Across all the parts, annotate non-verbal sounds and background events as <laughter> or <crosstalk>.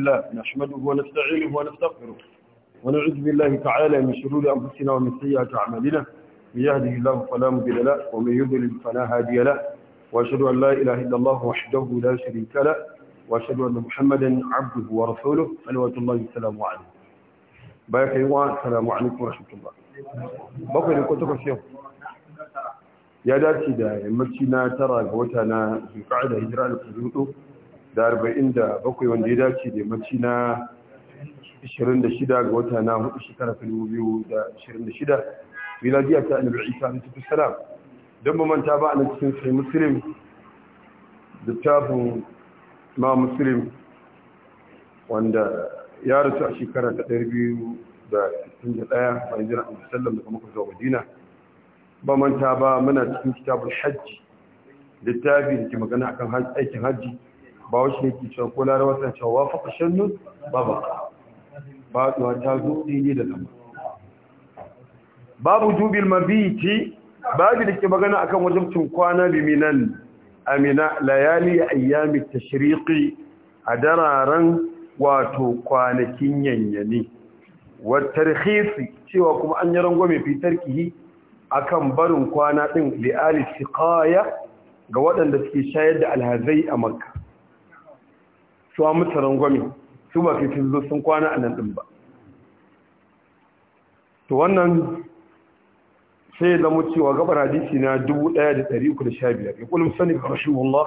الله نحمده ونستعينه ونستغفره ونعوذ بالله تعالى من شرور أنفسنا ومن سيئات أعمالنا من يهده الله فلا مضل له ومن يضلل فلا هادي له وأشهد أن لا إله إلا الله وحده لا شريك له وأشهد أن محمدا عبده ورسوله صلوات الله وسلامه عليه بارك الله السلام عليكم ورحمة الله بكر ne ko takwas yau ya dace da yammaci na tara ga wata na da arba'in da bakwai wanda ya dace da yammaci na 26 ga wata na hudu shekara ta 2026 miladiya ta annabi isa tafi salam don ba manta ba a cikin sai da littafin ma muslim wanda ya rasu a shekara ta 261 bayan jiran annabi sallam daga makon zuwa madina ba manta ba muna cikin kitabun hajji littafi da ke magana akan aikin hajji ba ne ke cewa ko larabata cewa wa faɗa shannu ba ba ba ta zo ne da zama babu dubil mabiti babu da ke magana akan wajibcin kwana a amina layali ayyami tashriqi a dararen wato kwanakin yanyane wa tarhisi cewa kuma an yi rangwame a akan barin kwana din li'ali siqaya ga waɗanda suke shayar da alhazai a makka su an mutu rangwame su ba kai zo sun kwana a nan ɗin ba to wannan sai da mu cewa gabar hadisi na 1315 ya kulum sani ga rasulullah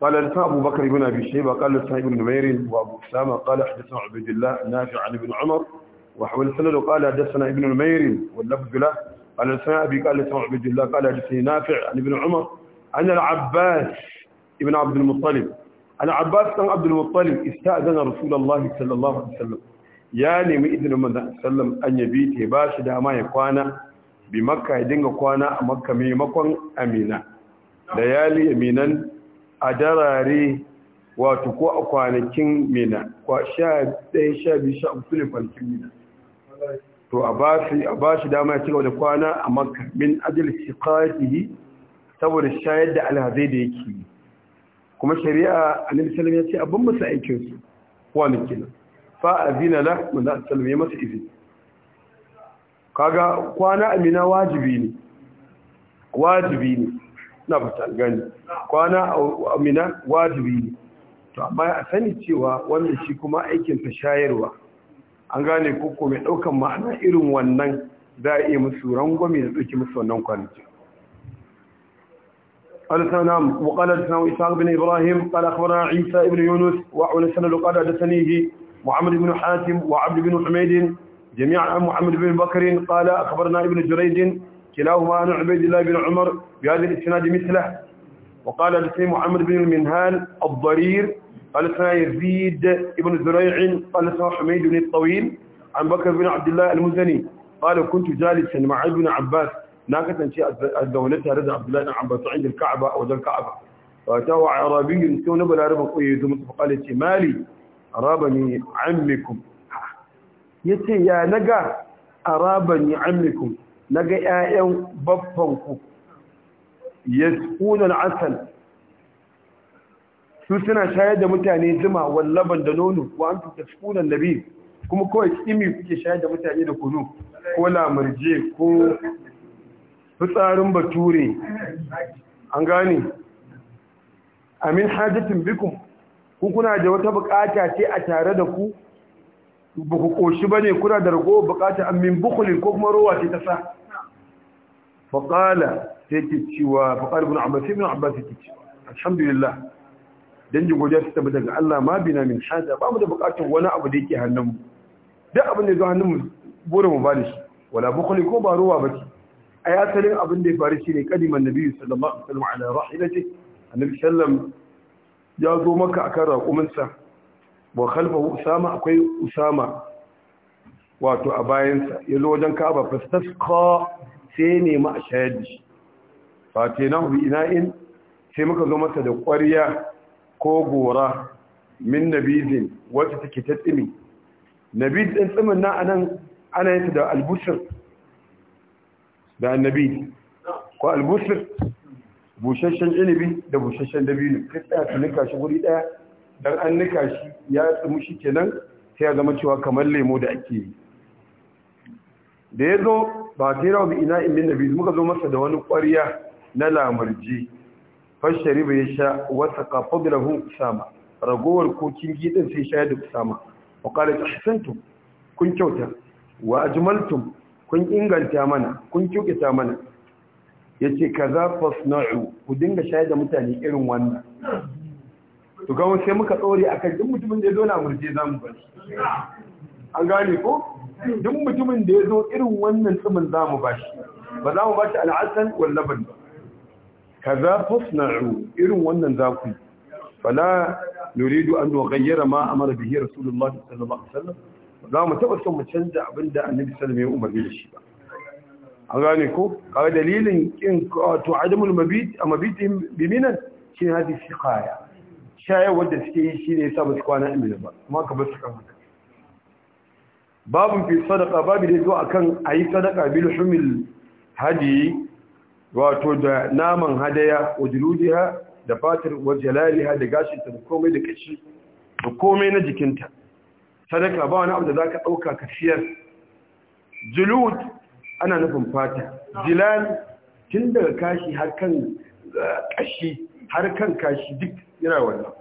قال حدثنا أبو بكر بن أبي شيبة قال حدثنا ابن نمير وأبو أسامة قال حدثنا عبد الله نافع عن ابن عمر وحول سند قال حدثنا ابن نمير واللفظ له قال حدثنا أبي قال حدثنا عبد الله قال حدثني نافع عن ابن عمر أن العباس ابن عبد المطلب al'abbas ɗan abdulmuttalib ista zana rasulallah sallallahu alaihi wasallam ya nemi izinin manzan sallam an yabi ta ba shi dama ya kwana bi makka ya dinga kwana a makka maimakon amina da yali aminan a darare wato ko a kwanakin mina kwa sha ɗaya sha biyu sha uku ne kwanakin mina to a ba shi dama ya cigaba da kwana a makka min ajal shiqatihi saboda shayar da alhazai da yake yi kuma shari'a annabi sallallahu ya ce abun musu aikin su wannan kenan fa azina la manzo sallallahu ya masa izini kaga kwana amina wajibi ne wajibi ne na fata gani kwana amina wajibi ne to amma a sani cewa wannan shi kuma aikin ta shayarwa an gane ko mai daukan ma'ana irin wannan za a iya musu rangwame da tsoki musu wannan kwanaki قال نعم وقال حدثنا إسحاق بن إبراهيم قال أخبرنا عيسى بن يونس سنة قال حدثنيه محمد بن حاتم وعبد بن حميد جميعا محمد بن بكر قال أخبرنا ابن جريج كلاهما عن عبيد الله بن عمر بهذا الاسناد مثله وقال حدثني محمد بن المنهال الضرير قال حدثنا يزيد بن زريع قال حدثنا حميد بن الطويل عن بكر بن عبد الله المزني قال كنت جالسا مع ابن عباس na kasance a zaune tare da abdullahi dan abbasu a ka'aba a wajen ka'aba ba ta wa arabiyyun sai wani balarabe ko yazo su fakale ce mali arabani ammikum amikun ya ce ya naga arabani amikun naga ƴaƴan babban Ya yasquna asal su suna shayar da mutane zuma wallaban da nono wa an tuka tsunan nabi kuma kawai tsimi kuke shayar da mutane da kunu ko lamarje ko fitsarin bature an gane amin hajjatin bikum ku kuna da wata bukata ce a tare da ku ba ku koshi ba ne kuna da rago bukata amin bukulin ko kuma rowa ce ta sa faƙala sai ke cewa faƙar bin abbas ibn abbas ke cewa alhamdulillah dan ji godiya ta tabbata daga Allah ma bina min hada ba mu da bukatun wani abu da yake hannun mu duk abin da ya zo hannun mu bore mu ba da shi wala bukhli ko ba ruwa ba ce a ya abin da ya faru shi ne kadiman nabi sallallahu alaihi wasallam ala rahilati annabi sallam ya zo maka akan raƙuminsa wa khalfahu usama akwai usama wato a bayansa ya zo wajen kaba fastasqa sai ne a shayar da shi fatinahu bi ina'in sai muka zo masa da ƙwarya ko gora min nabizin wacce take ta tsimi din tsimin na anan ana yin da albusir da annabi ko albusir busasshen inibi da busasshen dabino kai tsaya ka nika shi guri daya dan an nika shi ya tsumu shi kenan sai ya zama cewa kamar lemo da ake yi da ya zo ba tira bi ina imin nabi muka zo masa da wani ƙwariya na lamarji fashari ya sha wasa kafa da kusama ragowar kokin gidan sai shayar da kusama wa ƙarar ahsantum kun kyauta wa ajmaltum kun inganta mana kun kyukita mana ya ce ka za fasna'u ku dinga shayar da mutane irin wannan to gawo sai muka tsore a kan duk mutumin da ya zo na murje za mu bashi. an gane ko duk mutumin da ya zo irin wannan tsimin za mu bashi ba za mu bashi al'asan wallaban ba ka za fasna'u irin wannan za ku fala nuridu an dogayyara ma amara bihi rasulullahi sallallahu alaihi wasallam za mu taɓa son mu canza abin da annabi wasallam ya umarni da shi ba an gane ko ga dalilin kin to adamul mabit a mabitin biminan shi hadi siqaya shaya wanda suke yi shine yasa ba su kwana amina ba kuma ka bar su kan haka babun fi sadaka babu da zuwa kan ayi sadaka bil humil hadi wato da naman hadaya wajludiha da fatar wajalaliha da gashin ta da komai da kashi da komai na jikinta sadaka ba wani abu da za ka ɗauka ka siyar jilud ana nufin fata jilan tun daga eh, kashi har kan kashi duk yana wannan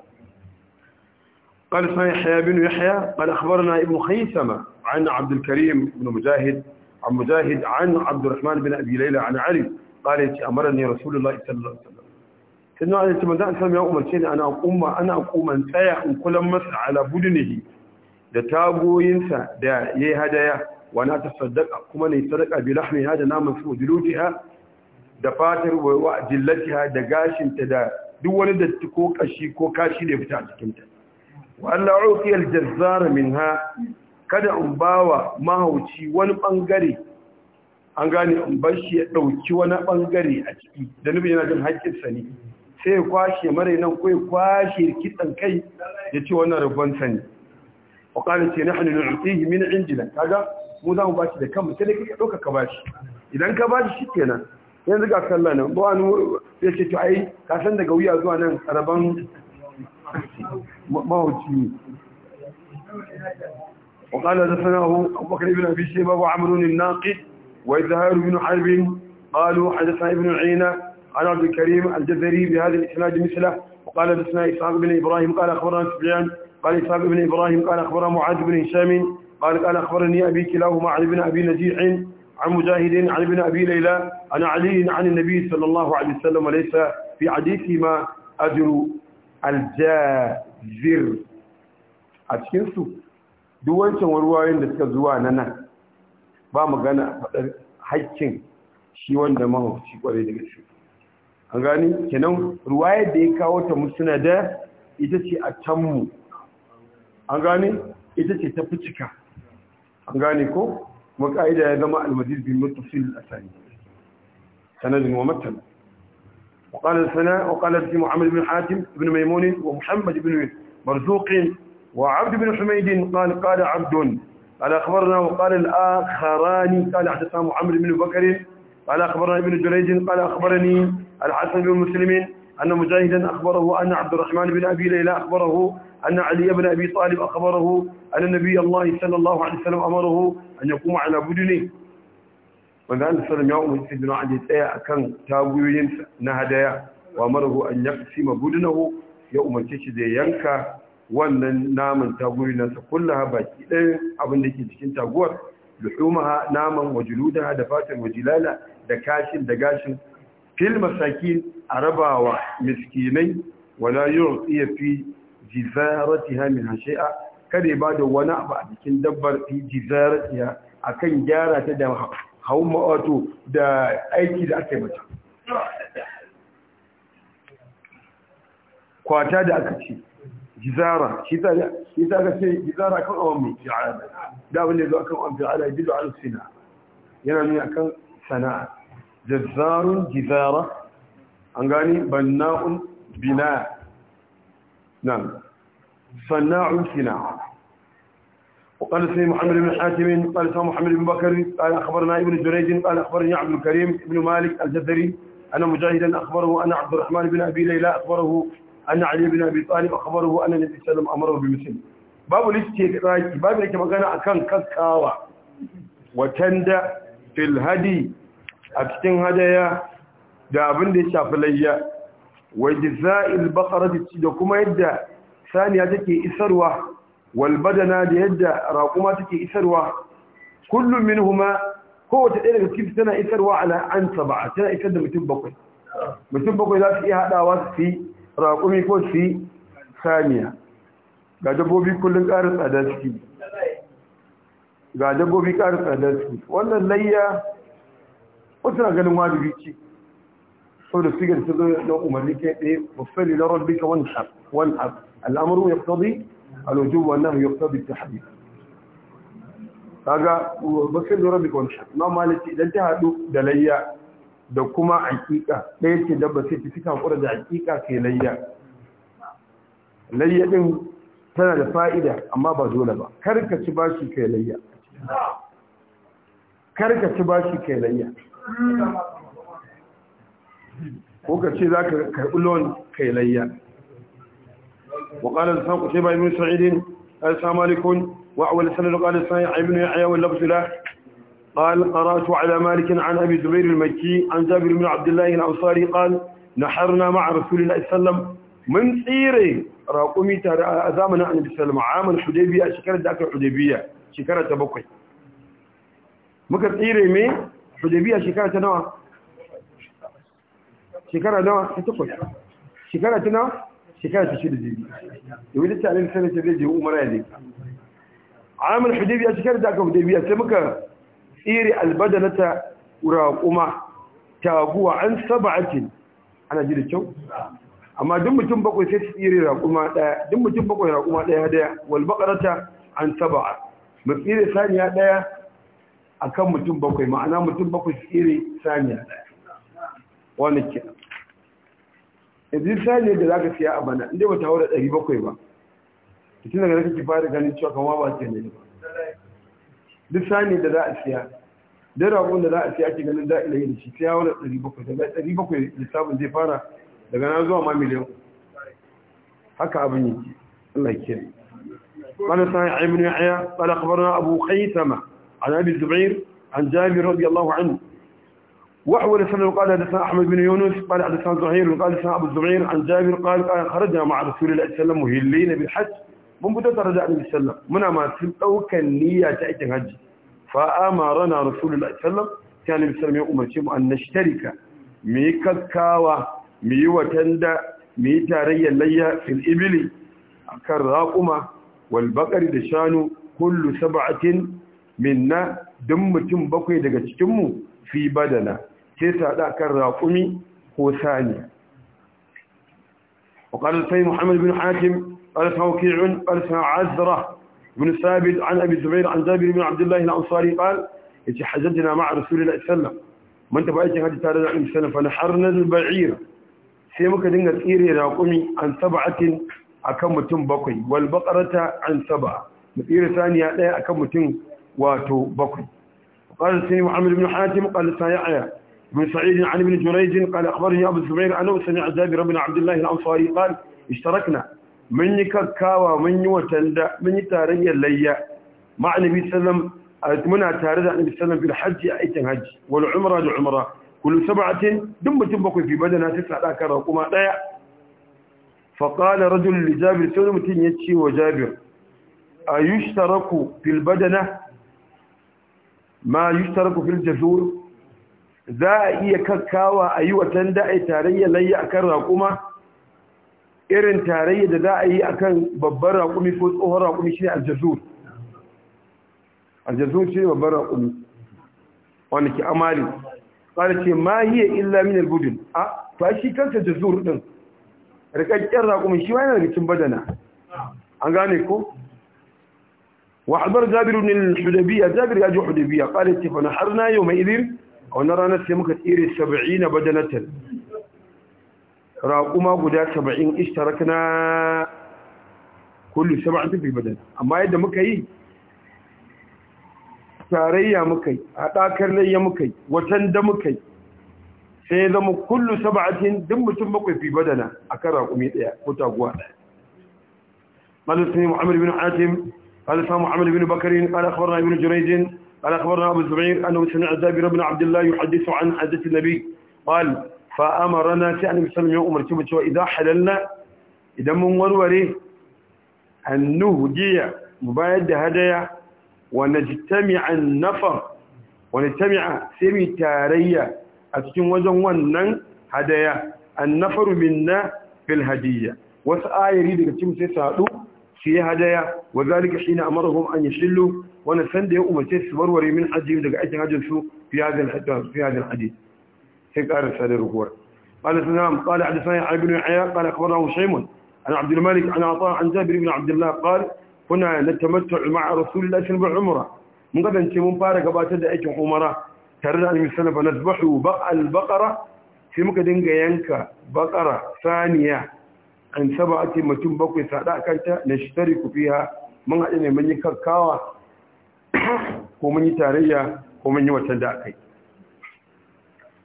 ƙarfin yahya ya yahya ƙar akhbar na ibn khaisama an abdul karim ibn mujahid an mujahid an abdul rahman bin abi laila an ali قال يا امر النبي رسول الله صلى الله عليه وسلم كنا عليه تمام ذا سلم يا امتي انا اقوم انا اقوم انتهي ان كل مس على بدنه da tagoyinsa da ya yi hadaya na ta saddaka kuma ne sadaka bi lahmiha da naman su jilutiha da fatar wa jillatiha da gashinta da duk wani datti ko kashi ko kashi da fita a cikinta wa Allah uqiya al-jazzara minha kada in bawa mahauci wani bangare an gane in bar shi ya dauki wani bangare a ciki da nubi yana jin haƙƙin sani sai ya kwashe mare nan ko ya kwashe kitsan kai ya ce wannan rabon sani وقالت نحن نعطيه من عندنا هذا مو ذا مباشر كم سنك لوك كباش إذا كباش شتينا ينزق على كلنا بوان يشتي تعي كاسن دقوية زوانا ربان ما هو شيء وقال دفناه أبو بكر بن أبي شيبة وعمر الناقد وإزهار بن حرب قالوا حدثنا ابن عينة عن عبد الكريم الجزري بهذا الإسناد مثله وقال دفنا إسحاق بن إبراهيم قال أخبرنا سبيان قال إسحاق بن إبراهيم قال أخبرنا معاذ بن هشام قال قال أخبرني أبي كلاهما عن ابن أبي نجيح عن مجاهد عن ابن أبي ليلى عن علي عن النبي صلى الله عليه وسلم وليس في حديثهما أجر الجازر a cikinsu duk wancan da suka zuwa na ba magana faɗar haƙƙin shi wanda mahaukaci ƙwarai daga shi an gani kenan da ya kawo ta musuna ita ce a mu. an gane ita ce tafi cika an ko kuma ka'ida ya zama almajid bin mutafil a sani sanadin wa matan wa ƙalar sana wa ƙalar ji bin hatim bin maimoni wa muhammadu bin marzuƙin wa abdu bin humaidin ƙan ƙada abdun ala kabarna wa ƙalar akharani ƙala a tasa mu'amadu bin bakarin ala kabarna ibn jirajin ƙala kabarani alhassan bin musulmin أن مجاهدا أخبره أن عبد الرحمن بن أبي ليلى أخبره أن علي بن أبي طالب أخبره أن النبي الله صلى الله عليه وسلم أمره أن يقوم على بدنه wanda an sanar ya umar sai bin ali tsaya akan taguyoyin na hadaya wa marahu an ya sima budunahu ya umarce shi da yanka wannan naman taguyoyin nasa kullaha baki ɗaya abin da ke cikin taguwar luhumaha naman wajiluda da fatar wajilala da kashin da gashin fil masakin a rabawa miskinai wala yurtsiya fi jizaratiha min hashi'a kada ba da wani abu a cikin dabbar fi jizaratiha akan gyara ta da hau ma'ato da aiki da aka yi mata kwata da aka ce jizara shi ta aka ce jizara kan awon mai fi'ala da abin da ya zo akan awon fi'ala ya bido al-sina yana nuna akan sana'a جزار جزارة أنغاني بناء بناء نعم صناع صناعة وقال سيد محمد بن حاتم قال سيد محمد بن بكر قال أخبرنا ابن جريج قال أخبرني عبد الكريم بن مالك الجزري أنا مجاهدا أخبره أن عبد الرحمن بن أبي ليلى أخبره أن علي بن أبي طالب أخبره أن النبي صلى الله عليه وسلم أمره بمثله باب littafi باب da كان magana وتندى في الهدي a cikin hadaya da abin da ya shafi layya wa jiza'il ci da kuma yadda saniya take isarwa wal badana da yadda raquma take isarwa kullu minhuma kowace ɗaya daga cikin tana isarwa ala an sab'a tana isar da mutum bakwai mutum bakwai za su iya hadawa su yi raƙumi ko su yi saniya ga dabbobi kullum ƙarin tsada suke ga dabbobi ƙarin tsada suke wannan layya wasu na ganin wajibi ce da sigar ta zo na umarni ke kai tsaye bufali na ka wani har, wani har. al'amuru ya kusurbi alwajin wannan ya kusurbi ta haɗi kaga bufali na rabbika wani abu na malici idan ta haɗu da layya da kuma aƙiƙa ɗaya ce dabba sai ta fita haƙura da aƙiƙa ke layya layya ɗin tana da fa'ida amma ba dole ba karka ci bashi ke layya karka ci bashi ke layya ko ka ce za ka karɓi loan kai layya وقال لسان قتيبة بن سعيد قال السلام عليكم وأول سنة قال لسان ابن يحيى واللفظ له قال قرأت على مالك عن أبي زبير المكي عن جابر بن عبد الله الأنصاري قال نحرنا مع رسول الله صلى الله عليه وسلم من سيري raƙumi tare a zamanin annabi sallama amal hudaybiya shekarar da aka hudaybiya shekarar ta bakwai muka tsire me hudaybiya shekara ta nawa shekara nawa ta takwas shekara ta nawa shekara ta shida jibi Da ta alin sanar zai je umara ya zai alamar hudaybiya shekara ta aka hudaybiya sai muka tsire albadana ta raƙuma guwa an ajin ana ji da kyau amma duk mutum bakwai sai tsiri raƙuma ɗaya duk mutum bakwai raƙuma ɗaya ɗaya walbaƙarata an saba'a mu tsire saniya ɗaya akan mutum bakwai ma'ana mutum bakwai su iri saniya wani ke yanzu saniya da za ka siya a bana inda ba ta haura ɗari bakwai ba tun daga rikici fara ganin cewa kama ba ce ne duk saniya da za a siya da ragon da za a siya ake ganin za a ilayi da shi ta haura ɗari bakwai daga ɗari bakwai lissafin zai fara daga na zuwa ma miliyan haka abin yake Allah ke. Aminu ya ابن يحيى قال abu kai sama. عن أبي الزبير عن جابر رضي الله عنه وحول السنة وقال حدثنا أحمد بن يونس قال حدثنا زهير وقال حدثنا أبو الزبير عن جابر قال قال خرجنا مع رسول الله صلى الله عليه وسلم مهلين بالحج من بدأت رجع النبي صلى الله عليه وسلم منا ما تلقوا كنية تأتي الحج فأمرنا رسول الله صلى الله عليه وسلم كان النبي صلى الله عليه وسلم أن نشترك مي وتندا مي تاريا ليا في الإبل أكر راقما والبقر دشانو كل سبعة minna don mutum bakwai daga cikinmu fi badana sai saɗa kan raƙumi ko saniya وقال السيد محمد بن حاتم قال توكيع قال عزرة بن ثابت عن أبي الزبير عن جابر بن عبد الله الأنصاري قال يتي حججنا مع رسول الله صلى الله عليه وسلم من تبعيتي هذه تعالى العلم سنة فنحرنا البعير sai muka dinga tsire raƙumi an a kan mutum bakwai wal baqarata an saba mu tsire saniya ɗaya kan mutum واتو بكر قال سني محمد بن حاتم قال سيعيا بن سعيد عن ابن جريج قال أخبرني أبو الزبير أنه سمع جابر بن عبد الله الأنصاري قال اشتركنا من يكاكاوا من وتندا من يتاريا ليا مع النبي صلى الله عليه وسلم أتمنى تاريا النبي صلى الله عليه وسلم في الحج أيتن حج والعمرة لعمرة كل سبعة دم تبقى في بدنها تسعة كرة وما ضيع فقال رجل لجابر سلمة يتشي وجابر أيشترك في البدنة ma yushtarku fil jazur za a iya kakkawa a yi watan da a yi tarayya layya a kan raƙuma irin tarayya da za a yi a kan babban raƙumi ko tsohon raƙumi shi ne aljazur aljazur shi ne babban raƙumi wanda ke amali ƙwada ce ma yi ya illa min albudin a fa shi kansa jazur ɗin rikakken raƙumi shi ma yana daga badana an gane ko وحضر جابر من الحديبية جابر يجو حديبية قالت فنحرنا يومئذ ونرانا سيمكة إيري سبعين بدنة راقما قدا سبعين اشتركنا كل سبعة في بدنة أما يدى مكي tarayya mukai haɗakar layya mukai watan da mukai sai zama kullu saba'atin duk mutum bakwai fi badana akan raƙumi ɗaya ko taguwa ɗaya malu muhammad bin atim قال الإمام محمد بن بكر قال أخبرنا ابن جريج قال أخبرنا أبو الزبير أنه سمع جابر بن عبد الله يحدث عن عادة النبي قال فأمرنا تعني بسلم يوم أمر تبت وإذا حللنا إذا من وروري أن نهدي مبايد هدايا ونجتمع النفر ونجتمع سمي تارية أتكون وزن ونن هدايا النفر منا في الهدية wasu ayari daga cikin sai sadu su yi hadaya wa zalika shine amarhum an yashillu wannan san da ya umarce su warware min ajiyu daga aikin hajjin su fi hadin fi hadin hadith sai ƙara sadar rukuwar قال سلام قال حدثنا علي بن عياء ya اخبرنا هشيم عن عبد الملك عن عطاء عن جابر بن عبد الله قال كنا نتمتع مع رسول الله صلى الله عليه mun gadance mun fara gabatar da aikin umara tare da annabi sallallahu alaihi wasallam nazbahu baqal sai muka dinga yanka baƙara saniya an saba ake mutum bakwai sada kanta na shitari ku fiya mun haɗe ne mun yi kakkawa ko mun yi tarayya ko mun yi watan da akai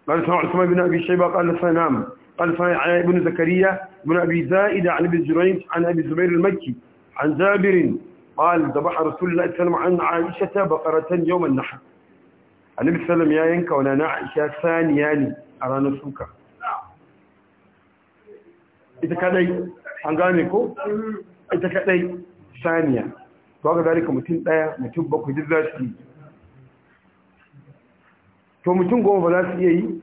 قال سمع عثمان بن أبي شيبة قال سنام قال سمع ابن زكريا بن أبي زائدة عن أبي زريج عن أبي زبير المكي عن جابر قال ذبح رسول الله صلى الله عليه وسلم عن عائشة بقرة يوم النحر النبي صلى الله عليه وسلم يا ينكا ولا عائشة ثانياني أرانا سوكا ita kadai an gane ko ita kadai saniya ba ga zalika mutum daya mutum bakwai duk za su yi to mutum goma ba za su iya yi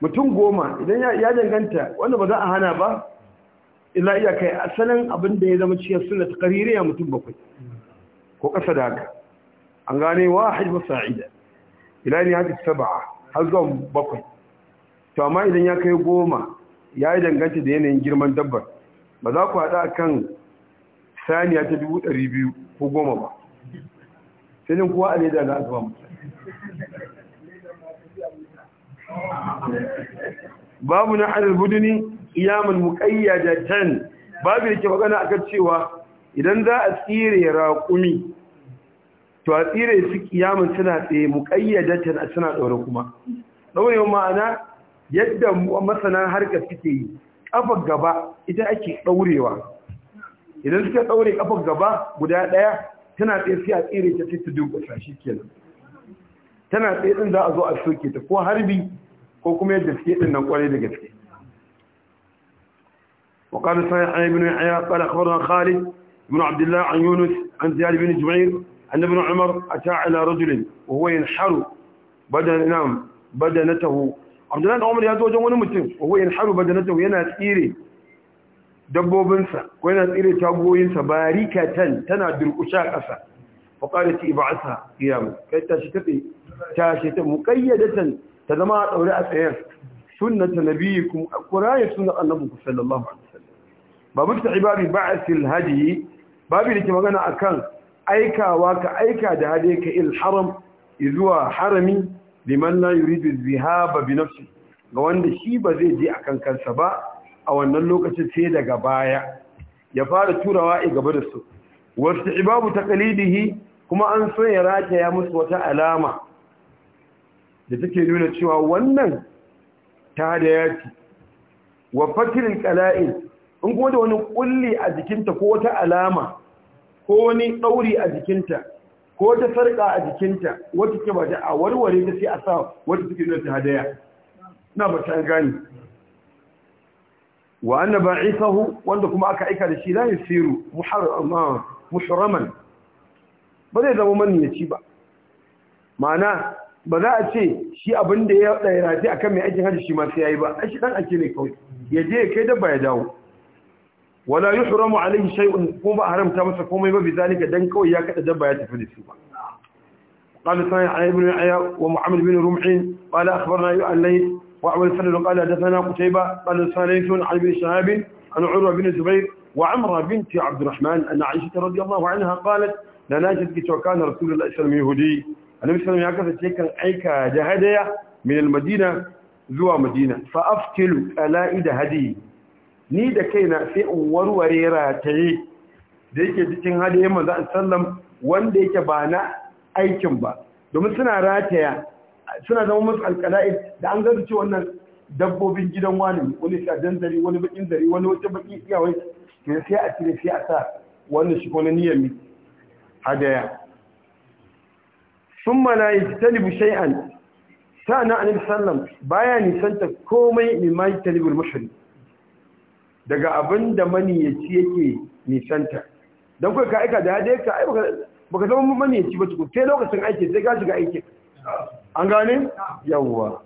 mutum goma idan ya danganta wanda ba za a hana ba illa iya kai asalin abin da ya zama cikin suna ta kaririya mutum bakwai ko ƙasa da haka an gane wa hajji masa'ida ila ne hajji saba'a har zuwa bakwai to amma idan ya kai goma ya yi danganta da yanayin girman dabbar ba za ku haɗa kan saniya ta dubu ɗari biyu ko goma ba sai ne kuwa a leda na azuwa mu babu na adal buduni iyamun muƙayya da can babu da ke magana kan cewa idan za a tsire raƙumi to a tsire su kiyamun suna tsaye muƙayyadatan a suna ɗaure kuma ɗaurewa ma'ana yadda masana harka suke yi kafar gaba ita ake daurewa idan suka daure kafar gaba guda daya tana tsaye sai a tsere ta fita duk da shi kenan tana tsaye din za a zo a soke ta ko harbi ko kuma yadda suke din nan kware da gaske wa qala sa'id ibn ibn ayya qala akhbarana khalid ibn abdullah an yunus an ziyad ibn jubair an ibn umar ata'a ala rajulin wa huwa yanharu badana badanatahu abdullahi umar ya zo wajen wani mutum wa in haru badanatu yana tsire dabbobinsa ko yana tsire tagoyinsa barikatan tana durkusha ƙasa fa qalat ib'atha qiyam kai ta shi tafi ta shi ta muqayyadatan ta zama daure a tsayar sunnat nabiyikum quraya sunnat annabi sallallahu alaihi wasallam babu ta ibadi ba'sil hadi babu da ke magana akan aikawa ka aika da hade ka il haram izuwa harami liman la yuridu zihaba bi nafsi ga wanda shi ba zai je akan kansa ba a wannan lokacin sai daga baya ya fara turawa a gaba da su wasu ibabu taqlidihi kuma an so ya ya musu wata alama da take nuna cewa wannan ta da yaci wa fakirin qala'in in kuma da wani kulli a jikinta ko wata alama ko wani dauri a jikinta ko ta sarka a jikinta wata ke ta a warware ta sai a sa wata suke nuna ta hadaya na ba ta gani wa anna ba'isahu wanda kuma aka aika da shi la yasiru muharrama ba zai zama maniyaci ba ma'ana ba za a ce shi abin da ya dairati akan mai aikin hajji shi ma sai yayi ba a shi dan ake ne kawai ya je kai dabba ya dawo wala yi huramu alayi shay'un ko ba haramta masa ba bi zalika dan kawai ya kada dabba ya tafi da su ba qala sa'i ali ibn ayya wa muhammad ibn rumhi qala akhbarna ayu allay wa abu al-fadl qala dathana qutayba qala sa'aytun ali ibn shahab an urwa ibn zubayr wa amra binti abd alrahman anna aisha radiyallahu anha qalat la najid bi tawkan rasulullah sallallahu alayhi wa sallam yahudi an sallam ya kasa kan aika jahadaya min al-madina zuwa madina fa aftilu ala'i da hadi. ni da kaina sai in warware rataye da yake cikin hadayen manzo sallam wanda yake ba na aikin ba domin suna rataya suna zama musu alƙala'id da an gaza ci wannan dabbobin gidan wani wani sa dandari wani bakin dare wani wata baki wai ke sai a cire sai a sa wannan shi ko na niyyar mi hadaya mana yi talibu shay'an sa'ana an sallam baya nisanta komai mai mai yajtalibul mashari daga abin da maniyaci yake nisanta don kai ka aika da ya daika ai baka zama maniyaci ba tukun sai lokacin aiki sai ka shiga aiki an gane yawwa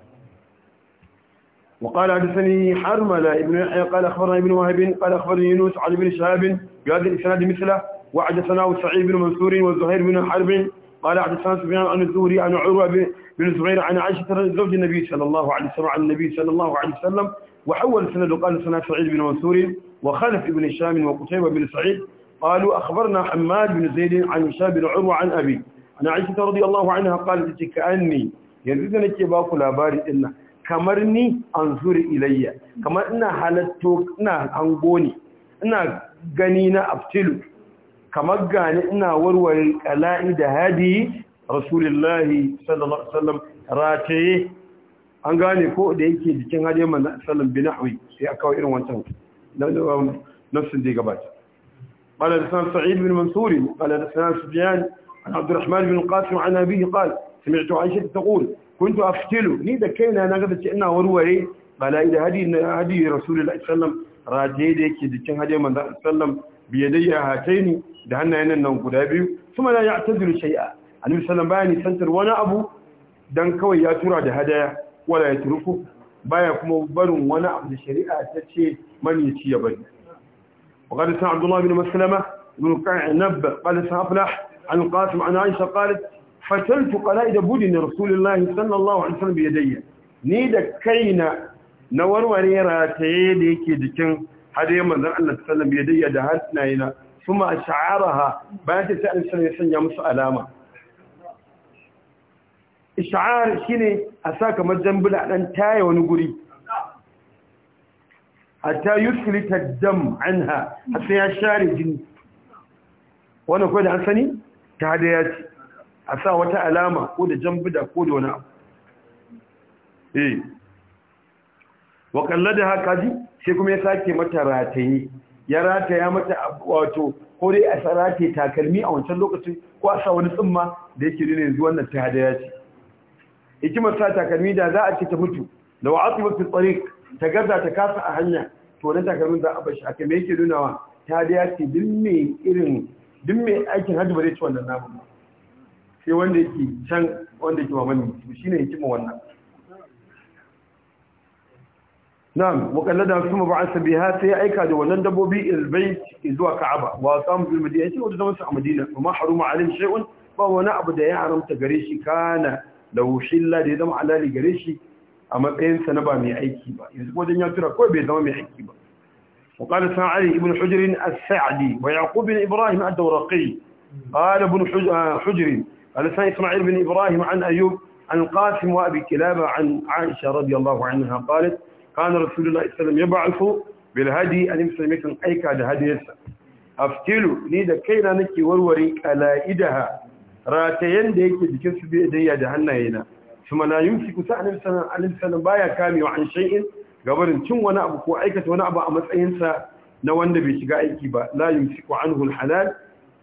وقال حدثني حرملة ابن يحيى قال أخبرنا ابن وهب قال أخبرني يونس عن ابن شهاب بهذا الإسناد مثله وحدثنا سعيد بن منصور وزهير بن حرب قال حدثنا سفيان عن الزهري عن عروة بن زبير عن عائشة زوج النبي صلى الله عليه وسلم عن النبي صلى الله عليه وسلم وحول السند وقال سنة سعيد بن منصور وخلف بن هشام وقتيبة بن سعيد قالوا أخبرنا حماد بن زيد عن هشام بن عروة عن أبي عن عائشة رضي الله عنها قالت كأني يرزقنا كباك لاباري إنه كمرني أنظر إلي كما إنا حالتوك إنا أنقوني إنا غنينا أبتلو كما قال إنا ورور الكلاء هذه rasulillahi sallallahu alaihi wasallam rataye an gane ko da yake jikin hadiyar manzo sallam bi nahwi sai aka kawo irin wancan nafsin da gabata قال لسان سعيد بن منصور قال لسان سفيان عن عبد الرحمن بن القاسم عن أبيه قال سمعت عائشة تقول كنت أفتل نيدا كينا نغذت إنا وروري قال إذا هدي, هدي رسول الله صلى الله عليه وسلم راجي ديك ديكين هدي من صلى الله عليه وسلم بيدي هاتين دهنا هنا النوم قدابي ثم لا يعتذر شيئا annabi sallallahu baya nisantar wani abu dan kawai ya tura da hadaya wala ya turku baya kuma barin wani abu da shari'a ta ce maniyaci ya bari وقال سعد عبد الله بن مسلمة بن قعنب قال سأفلح عن القاسم عن ni da kaina na warware rataye da yake jikin hadayen manzan Allah sallallahu alaihi wasallam biyadayya da hannayena kuma sha'araha bayan ta ta ya sanya musu alama isha'ar shine a sa kamar jambula ɗan taya wani guri A ta hatta yuslita dam anha sai ya share jini wannan kwa da an sani ta hada ya ce a sa wata alama ko da jambida ko da wani abu E! wa da haka ji sai kuma ya sake mata rataye ya rataya mata wato ko dai a sarate takalmi a wancan lokacin ko a sa wani tsumma da yake nuna yanzu wannan ta hada ya ce hikimar sa takalmi da za a ce ta mutu da wa asiba fi tsariq ta gaza ta kasa a hanya to na takalmin za a bar shi aka me yake nunawa ta da ya ce din me irin din me aikin hajji bare ci wannan namu ba sai wanda yake can wanda yake mamani shine hikimar wannan kallada وقلدها ba بعث بها sai aika da wannan dabbobi ilbait zuwa Ka'aba wa qam bil wanda zama zaman a Madina kuma haruma alim shay'un ba wani abu da ya haramta gare shi kana da hushilla da ya zama alali gare shi a matsayinsa na ba mai aiki ba yanzu wajen ya tura kawai bai zama mai aiki ba وقال سعد بن حجر السعدي ويعقوب بن إبراهيم الدورقي قال ابن حجر قال سعد إسماعيل بن إبراهيم عن أيوب عن القاسم وأبي كلابة عن عائشة رضي الله عنها قالت كان رسول الله صلى الله عليه وسلم يبعث بالهدي أن يسلمك أيك على هدي يسا أفتلوا لذا كينا نكي وروري كلائدها ratayen da yake jikin su bai ya da hannayena kuma la yumsiku sa'alim sanan alim sanan baya kamewa an shay'in gabarin cin wani abu ko aikata wani abu a matsayinsa na wanda bai shiga aiki ba la yumsiku anhu alhalal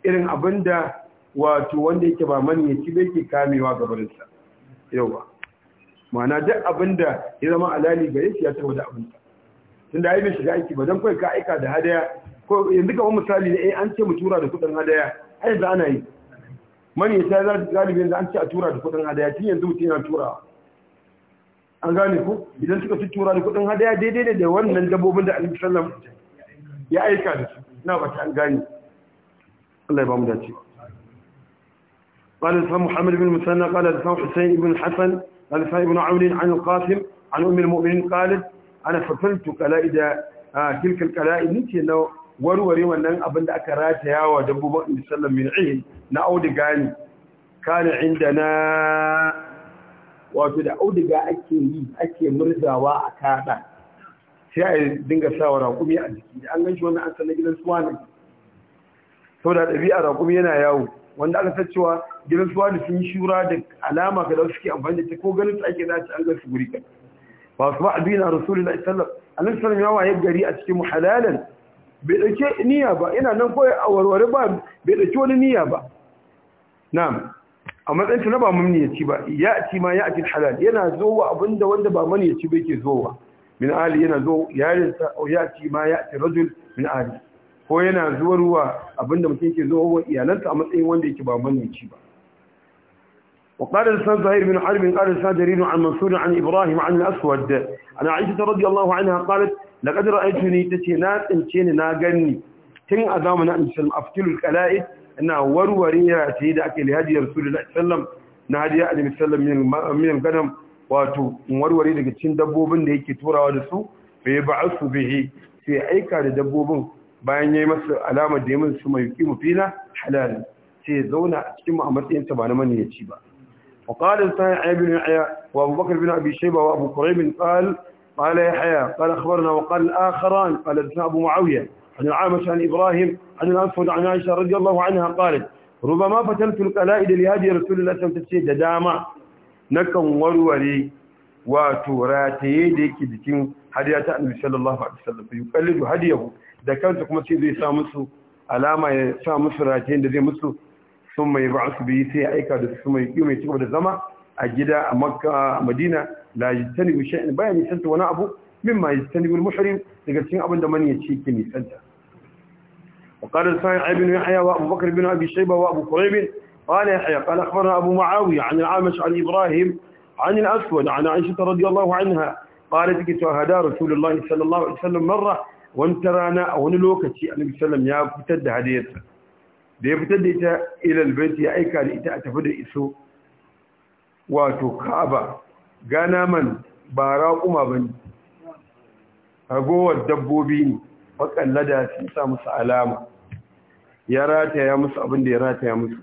irin abinda wato wanda yake ba maniyaci bai ke kamewa gabarinsa yawa ma'ana duk abinda ya zama alali ga yake ya tawo da sa tun da bai shiga aiki ba don kawai ka aika da hadaya ko yanzu kamar misali ne eh, an ce mu tura da kudin hadaya ai yanzu ana yi mariyata za su galibin da an ce a tura da kudin hadaya tun yanzu mutum yana tura an gane ku idan suka fi tura da kudin hadaya daidai da wannan dabbobin da alaihi sallam ya aika da su na ba ta an gane Allah ya ba mu dace قال الإسلام محمد بن مسنى قال الإسلام حسين بن حسن قال الإسلام ابن عون عن القاسم عن أم المؤمنين قالت أنا فصلت كلائد تلك الكلائد نتي warware wannan abin da aka rataya wa dabbobin min ilm na auduga ne kana inda na wato da auduga ake yi ake murzawa a kaɗa sai a dinga sawa raƙumi a jiki da an ganshi wannan an sanar gidan suwa ne sau da ɗabi'a raƙumi yana yawo wanda aka san cewa gidan suwa da sun shura da alama ga da suke amfani da ta ko ganin su ake dace an gansu guri ka. ba su ba a duniya a sallallahu alaihi wasallam ya waye gari a cikin muhalalan bai dauke niyya ba yana nan kawai a warware ba bai dauke wani niyya ba na'am a matsayin na ba ci ba ya ci ma ya ci halal yana zowa abinda wanda ba ci ba yake zowa min ali yana zo yarinsa o ya ci ma ya ci rajul min ali ko yana zuwa ruwa abinda mutum ke zowa iyalansa a matsayin wanda yake ba ci ba وقال الإسلام زهير بن حرب قال الإسلام جرير عن منصور عن إبراهيم عن الأسود عن عائشة رضي الله عنها قالت لقد رأيتني تتنات انتين ناقني تن أدامنا أن سلم أفتل الكلائد أنها وروريها تهيد أكي لهدي رسول الله سلم نهدي أدم سلم من القدم wato warware daga cikin dabbobin da yake turawa da su fa ya ba'asu bihi sai aika da dabbobin bayan yayi masa alamar da ya musu mai yuqimu fina halal sai zauna a cikin mu a matsayin sa ba na maniyaci ba وقال سعيد بن يحيى وابو بكر بن ابي شيبه وابو قريب قال قال يحيى قال اخبرنا وقال الاخران قال حدثنا ابو معاويه عن العامش عن ابراهيم عن الاسود عن عائشه رضي الله عنها قالت ربما فتنت القلائد لهدي رسول الله صلى الله عليه وسلم داما نكن وروري وتراتي ديك دكين hadiyata annabi sallallahu alaihi wasallam yuqallidu hadiyahu da kansa kuma sai zai sa musu alama ya sa musu ratayen da zai musu ثم يبعث به su biyi sai aika da su mai kiwo mai cigaba da zama a gida a makka a madina la yajtani bi shay'in bayan nisanta wani abu mimma yajtani بن يحيى وابو بكر بن ابي شيبه وابو قريب قال يحيى قال اخبرنا ابو معاويه عن العامش عن ابراهيم عن الاسود عن عائشه رضي الله عنها قالت كنت أهدا رسول الله صلى الله عليه وسلم مره وانترانا او نلوكتي النبي صلى الله عليه وسلم يا فتد هديتها da ya fitar da ita ilal baiti ya aika da ita a tafi da iso wato ka'aba gana man ba raƙuma ba ne ragowar dabbobi ne waƙalla da sun sa musu alama ya rata ya musu abin da ya rataya musu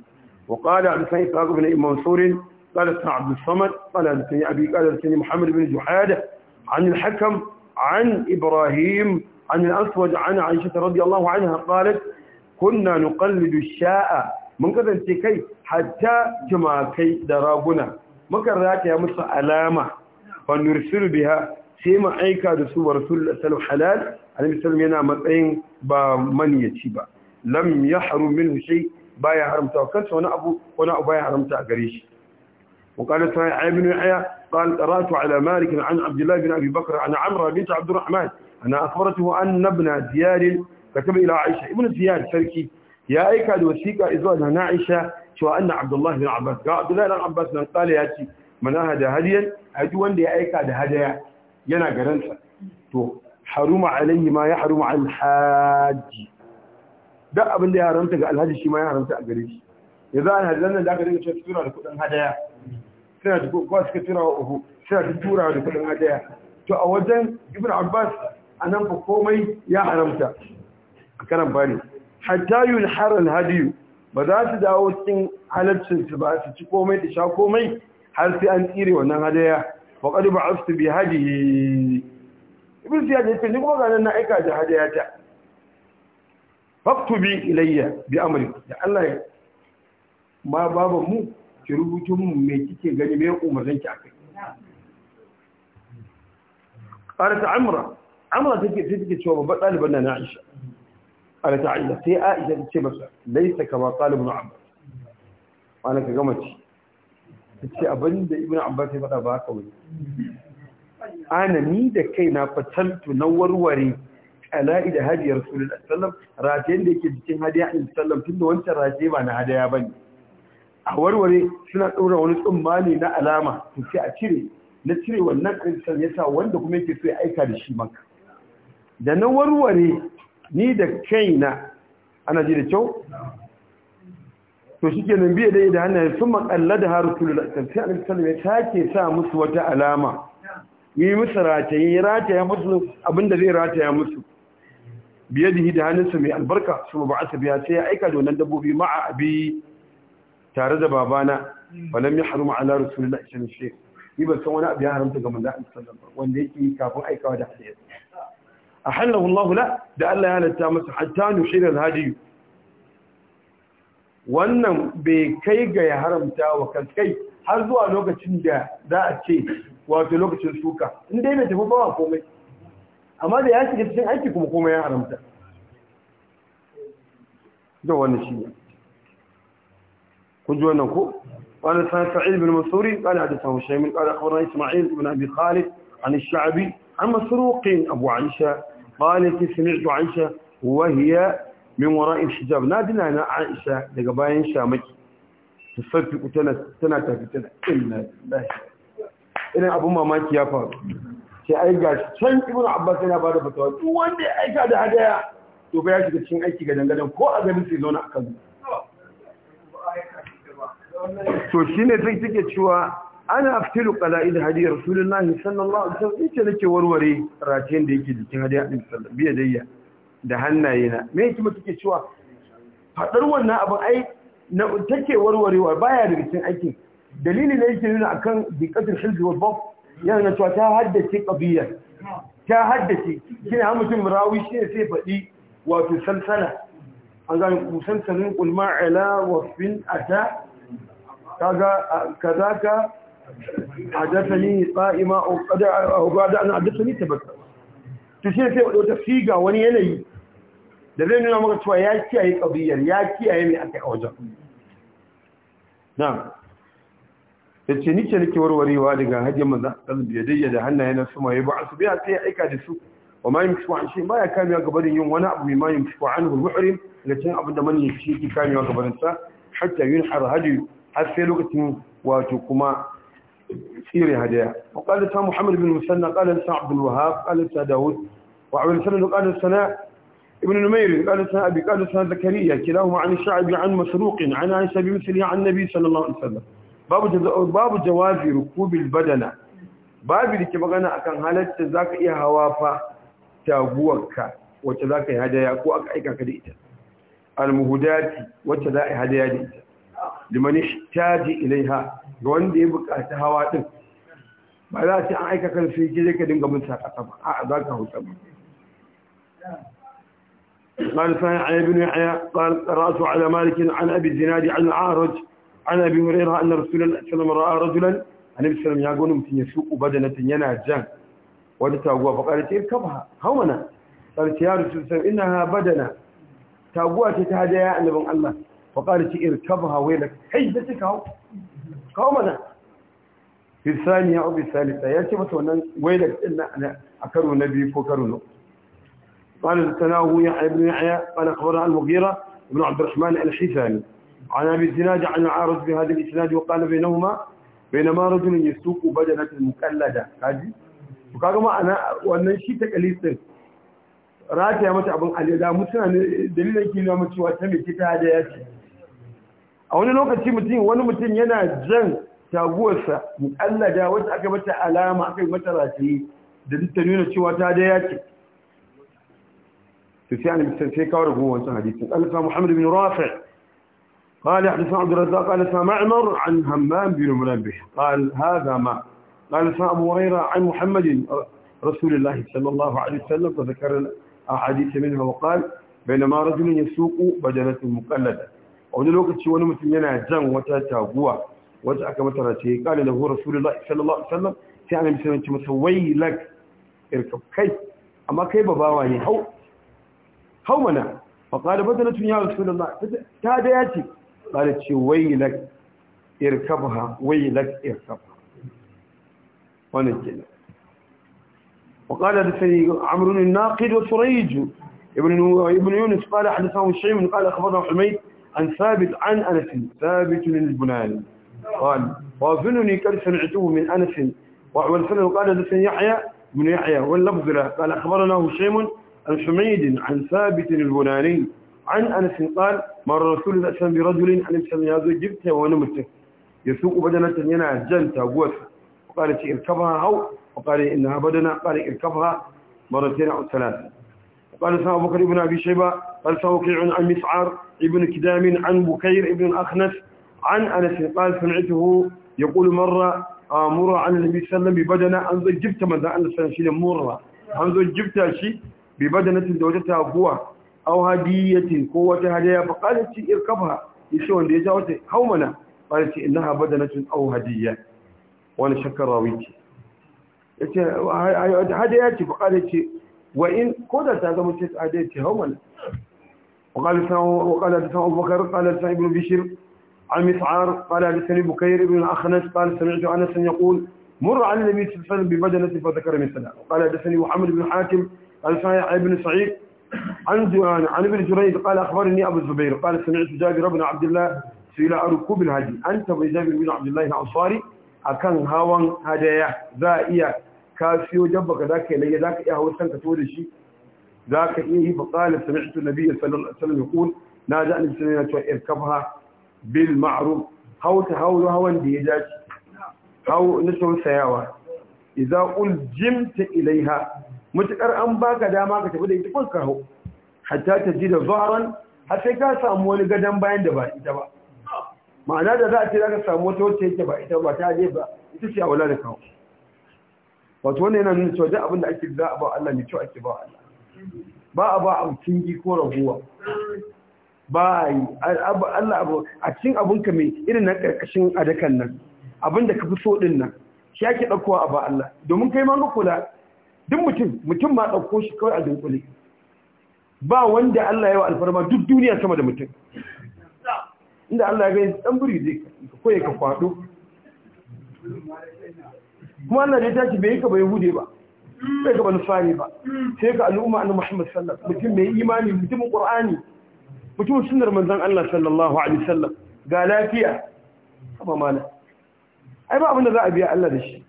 وقال عبد السلام إسحاق بن إمام سور قال سنة عبد الصمد قال حدثني أبي قال حدثني محمد بن an عن الحكم عن إبراهيم عن الأسود عن عائشة رضي الله عنها قالت kunna nuqallidu sha'a mun kasance kai hatta jimakai da raguna muka rataya musu alama wa nursilu biha sai mu aika da su wa rasul halal annabi sallallahu yana matsayin ba maniyaci ba lam yahrum minhu shay baya haramta kansa wani abu wani abu baya haramta a gare shi وقال سعيد بن يحيى قال قرأت على مالك عن عبد الله بن أبي بكر عن عمرو بنت عبد الرحمن أنا أخبرته أن ابن ديار kataba ila aisha ibnu ziyad sarki ya aika da wasiqa zuwa ga aisha cewa anna abdullahi bin abbas ga abdullahi bin abbas nan tsale ya ce hadiyan haji wanda ya aika da hadaya yana garansa to haruma alayhi ma ya haruma al haji duk ya haramta ga alhaji shi ya haramta a gare shi yanzu an hadiyan nan da aka dinga cewa tura da kudin hadaya suna suka tura wa suna da to a wajen ibn abbas komai ya haramta a karan fari hatta haral hadiyu. ba za su dawo cikin halaccin su ba su ci komai da sha komai har sai an tsire wannan hadaya fa qad ba'astu bi hadihi ibn siyad yace ni kuma ga na aika da hadayata bi ilayya bi amri da Allah ya ma baban mu ki rubutun mu me kike gani me umarnin ki akai qalat amra amra take take cewa babban daliban na Aisha ana ta aisha sai aisha ta ce masa laisa kama qalu ibn abbas ana ka gama ci ta ce abinda ibn abbas ya faɗa ba haka wani ana ni da na fatantu na warware ala'i da hadiyar rasulullah sallam ratayen da yake jikin hadiya in sallam tun da wancan rataye ba na hadaya ba ne a warware suna ɗaura wani tsummani na alama to sai a cire na cire wannan kristal ya sa wanda kuma yake so ya aika da shi maka da na warware ni da kaina ana ji da kyau to shi nan biya dai da hannayen sun makalla da harutu da a annabi sallallahu alaihi wasallam ya take sa musu wata alama yi musu rataye rataya musu abinda zai rataya musu Biya da hannunsa mai albarka su ba asa biya sai ya aika da wannan dabbobi ma'a abi tare da babana walam ya haru ma'ala rasulullah sallallahu alaihi wasallam ni ban san wani abu ya haramta ga manzo sallallahu alaihi wasallam wanda yake kafin aikawa da hadisi ahallahu Allah la da Allah ya halatta masa hatta nushira hadiyu wannan bai kai ga ya haramta wa kai har zuwa lokacin da za ce wato lokacin suka in dai bai tafi ba komai amma da ya cikin aiki kuma komai ya haramta wannan shi ne kun wannan ko قال سعيد سعيد بن منصوري قال حدثنا هشام قال اخبرنا اسماعيل بن ابي خالد عن الشعبي عن مسروق ابو قالت سمعت عائشة وهي من وراء الحجاب نادنا أنا عائشة لقبائن شامكي تصفق تنا تنا تفتنا إلا الله إذن أبو ماماكي يا فاضل sai ai gashi can ibnu abbas yana bada fatawa duk wanda ya aika da hadaya to ba ya shiga cikin aiki ga dangadan ko a garin sai zauna akan to shine take cewa ana aftilu qala'id hadiyar rasulullahi sallallahu alaihi wasallam yace nake warware rajin da yake jikin hadiyar din sallallahu biya dayya da hannayena me yake muke take cewa fadar wannan abin ai na take warwarewa baya daga cikin aikin dalilin da yake nuna akan biqatul hilbi wal bab yana cewa ta haddace qabiya ta haddace kina mutum rawi shi sai fadi wato salsala an gani musalsalin qul ma'ala wa fin ata kaza kazaka حدثني قائمة أو قادة أنا حدثني تبكى تشير في وتفسيقا وني يلي da zai nuna maka cewa ya kiyaye ƙabiyyar ya kiyaye mai aka a wajen na da ce nike nake warwarewa daga hajjin maza ɗan biyadayya da hannaye na su ya ba a su biya ta yi aika da su wa ma yin fishwa an shi ba ya kamiya gabarin yin wani abu mai ma yin fishwa an hulmuhari da can abin da mani shi ke kamiya gabarin sa hatta yin har hajji har sai lokacin wato kuma tsire hadaya وقال لسان محمد بن المثنى قال لسان عبد الوهاب قال لسان داود وعبد السند قال لسان ابن نمير قال لسان أبي قال لسان زكريا كلاهما عن الشعبي عن مسروق عن عائشة بمثله عن النبي صلى الله عليه وسلم باب جواز ركوب البدنة babu da ke magana akan halatta za ka iya hawa fa taguwarka wacce za ka yi hadaya ko aka aika ka da ita almuhudati wacce za a yi hadaya da ita liman taji ilaiha ga wanda ya bukata hawa din ba za ce an aika kan sai je ka dinga mun saka ba a za ka huta ba قال سمع علي بن يحيى قال قرأت على مالك عن أبي الزناد عن العارج عن أبي هريرة أن رسول الله صلى الله عليه وسلم رأى رجلا ya gonu mutum ya suku yana jan wani taguwa ce kafa taguwa ta Allah فقالت اركبها ويلك حجتك هو قوم انا في الثانيه او في الثالثه ياتي وتنن ويلك ان انا أكرم النبي فكرنه قال سناه يا ابن يحيى قال اخبرها المغيره بن عبد الرحمن الحيثاني عن ابي الزناد عن عارض بهذا الاسناد وقال بينهما بينما رجل يسوق بدنة مكلدة هذه وكذا ما انا وأنا شيء تقليص راجع يا متى ابو علي دا متى دليل كلمه متى يا كتابه a wani lokaci mutum wani mutum yana jan taguwarsa Allah da wata aka mata alama aka yi mata rataye da duk ta nuna cewa ta da yaki to sai annabi sai kawo rago wancan hadisin Allah sa Muhammad bin Rafi' قال حدثنا عبد الرزاق قال سمع معمر عن همام بن منبه قال هذا ما قال سمع أبو هريرة عن محمد رسول الله صلى الله عليه وسلم فذكر أحاديث منها وقال بينما رجل يسوق بدنة مقلدة a wani lokaci wani mutum yana jan wata taguwa wata aka mata race ya kare lahu rasulullahi sallallahu alaihi sallam sai an annabi sallallahu alaihi wasallam wailak irka kai amma kai ba bawa ne hau hau mana fa qala badanatun ya rasulullahi ta da ce qala ce irka irka wani wailak irkabha wailak da wannan kenan وقال حدثني عمرو الناقد وسريج ابن ابن يونس قال حدثه الشيم قال اخبرنا حميد عن ثابت عن أنس ثابت البناني قال وأظنني قد سمعته من أنس وقال قال حدثني يحيى بن يحيى واللفظ له قال أخبرنا هشيم الحميد عن ثابت البناني عن أنس قال مر صلى الله عليه وسلم برجل أن يسمي هذا جبته ونمته يسوق بدنة ينا جنتا قوتها وقالت اركبها أو وقال إنها بدنة قال اركبها مرتين أو ثلاثة قال سنة أبو بكر بن أبي شيبة قال سنة وكيع عن مسعر ابن كدام عن بكير ابن الأخنس عن أنس قال سمعته يقول مرة آه مرة عن النبي صلى الله عليه وسلم ببدنة أنظر جبت ماذا أن سنشيل مرة أنظر جبت شيء ببدنة دوجتها أبوها أو هدية قوة هدية فقالت اركبها يشون دي جاوتي هومنا قالت إنها بدنة أو هدية وأنا شكر راويتي هدية فقالت wa in ko da ta zama cikin adai ce hau mana وقال حدثنا أبو بكر قال حدثنا ابن بشير عن مسعار قال حدثني بكير بن الأخنس قال سمعت أنس يقول مر على النبي صلى الله عليه وسلم ببدنة فذكر مثلها وقال حدثني محمد بن حاتم قال سمع بن سعيد عن زوان عن ابن جريج قال أخبرني أبو الزبير قال سمعت جابر بن عبد الله سئل ركوب الهدي أنت وجابر بن عبد الله الأنصاري أكن هاوان هدايا ذائية ka siyo dabba ka zaka yi layya zaka iya hawo san ka to da shi zaka iya yi faƙalin sami'tu nabiyyi sallallahu alaihi wasallam yaqul na ji annabi sallallahu alaihi wasallam irkabha bil ma'ruf hauta haulu hawan da ya dace hau na tausayawa idza jimta ilaiha mutakar an baka dama ka tafi da ita kun ka hau hatta ta ji da zaran har sai ka samu wani gadan bayan da ba ita ba ma'ana da za a ce za ka samu wata wacce yake ba ita ba ta je ba ita ce a wala da kawo wato wannan yana nuna cewa duk abin da ake za a ba Allah ne cewa ake ba Allah ba a ba abu kingi ko raguwa ba yi Allah abu a cikin ka mai irin na karkashin adakan nan abin da ka fi so din nan shi ake ɗaukowa a ba Allah domin kai ma ga kula duk mutum mutum ma ɗauko shi kawai a dunkule ba wanda Allah ya wa alfarma duk duniya sama da mutum inda Allah ya gani dan buri zai ka koya ka kwado kuma Allah da ya tashi bai ka bai hude ba bai ka bani fari ba mm. sai ka al'umma annabi Muhammad sallallahu alaihi wasallam mutum mai imani mutumin Qur'ani mutumin sunnar manzon Allah sallallahu alaihi wasallam ga lafiya sama malam ai ba abin da za a biya Allah da shi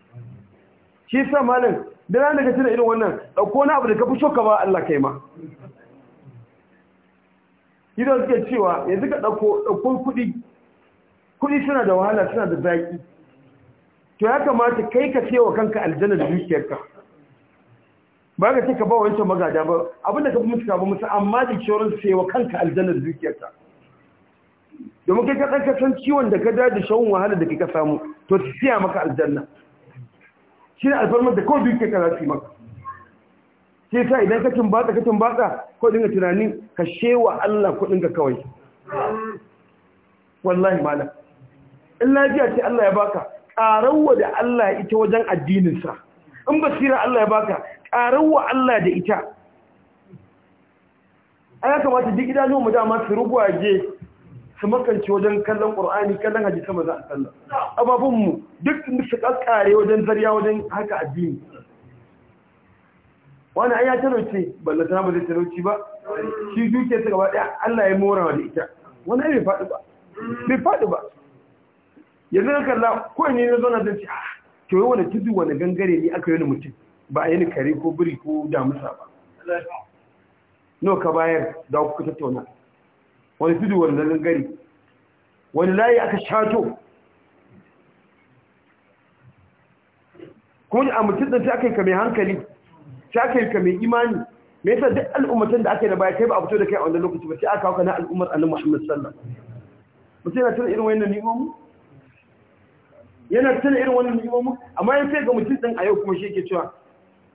shi yasa malam da ran daga cikin irin wannan dauko na abu da ka fi ba Allah kai ma idan suke cewa yanzu ka dauko dauko kudi kudi suna da wahala suna da zaki to ya kamata kai ka ce wa kanka aljanna da dukiyarka ba ka ce ka ba wancan magada ba abinda ka fi musu ka ba musu amma da ciwon sai wa kanka aljanna da dukiyarka domin kai ka ɗanka san ciwon da ka da da shan wahala da ka samu to ta siya maka aljanna shi ne alfarmar da kawai duk ka za su maka sai sa idan ka tumbatsa ka tumbatsa ko dinga tunani ka shewa Allah kudin ka kawai wallahi malam in lafiya ce Allah ya baka ƙararwa da Allah ita wajen addininsa in basira Allah ya baka ƙararwa Allah da ita a ya kamata duk idanun mu dama su rugwaje su makanci wajen kallon ƙur'ani kallon hajji sama za a sallar ababenmu duk su ƙasƙare wajen zarya wajen haka addini wani an ya talauce balla ta ba zai talauci ba shi duke su gaba ɗaya Allah ya mora da ita wani bai faɗi ba bai faɗi ba yanzu na kalla ko ne na zo na zance ce ah to wani tudu wani gangare ne aka yi mutum ba a yi kare ko biri ko damusa ba no ka bayar da kuka tattauna wani tudu wani gangare wani layi aka shato kuma a mutum da ta aka yi ka mai hankali ta aka yi ka mai imani me yasa duk al'ummatan da aka yi da baya kai ba a fito da kai a wanda lokaci ba sai aka hauka na al'ummar annabi Muhammad sallallahu alaihi wasallam mutum yana tana irin wayannan nimomi yana tana irin wannan ni'imomin amma ya sai ga mutum din a yau kuma shi yake cewa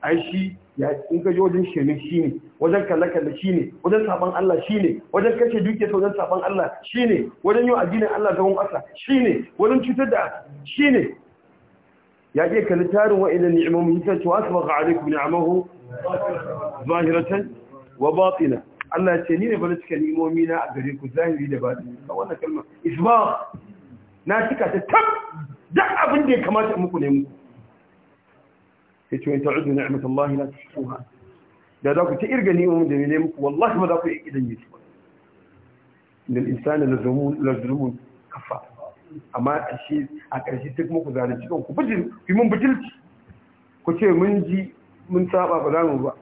ai shi ya in ka je wajen shemin shi ne wajen kalle kalle shi ne wajen saban Allah shi ne wajen kashe duke ta wajen saban Allah shi ne wajen yi addinin Allah gaban ƙasa shi ne wajen cutar da shi ne ya ke kalli tarin wa'annan ni'imomin yake cewa asbaga alaikum ni'amahu zahiratan wa batina Allah ce ni ne bari cika ni'imomi na a gare ku zahiri da A wannan kalma isba na cika ta tab duk abin da ya kamata muku ne muku sai ce wani ta'udu na amintan Allah na tusuha da za ku ta irga mu da ne muku wallahi ba za ku yi idan yi su ba inal insani lazulumun kafa amma a shi a kuma duk muku zalunci kan ku bijil ku mun bijilci ku ce mun ji mun saba ba za mu ba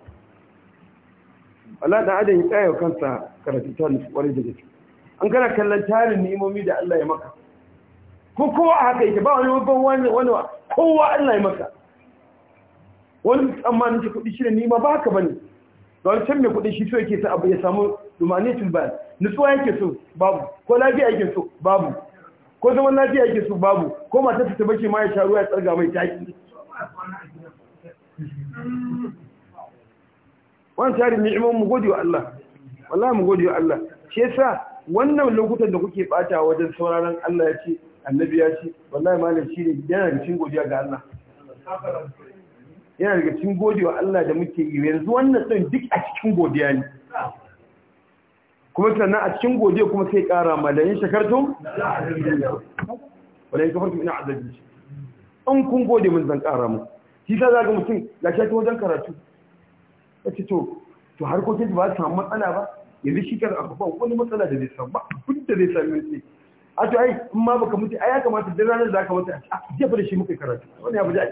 Allah da adam ya tsaya kansa karatu ta nufi kwarai da gaske an kana kallon tarin ni'imomi da Allah ya maka ko kowa a haka yake ba wani babban wani kowa Allah ya maka wani tsammanin ta kuɗi shi ne nima ba haka bane da wani can mai kuɗi shi so yake sa abu ya samu dumane tulban nutsuwa yake so babu ko lafiya yake so babu ko zaman lafiya yake so babu ko mata ta bace ma ya sha ruwa ya tsarga mai taki wani tari ni'imar mu gode wa Allah wallahi mu gode wa Allah shi yasa wannan lokutan da kuke bata wajen sauraron Allah ya ce annabi ya ce wallahi malam shi ne yana da cin godiya ga Allah yana daga cikin godiya Allah da muke yi yanzu wannan ɗin duk a cikin godiya ne kuma sannan a cikin godiya kuma sai ƙara ma da yin shakartun? wadda yin kafartun ina azabi an kun gode mun zan ƙara mu shi ta zaga mutum ga shafi wajen karatu ya ce to to harkokin ba su samu matsala ba yanzu shi kan abubuwa wani matsala da zai samu ba abin da zai sami ne a to ai in ma baka mutu ai ya kamata da ranar zaka mutu a ah, jefa da shi muka karatu wani abu da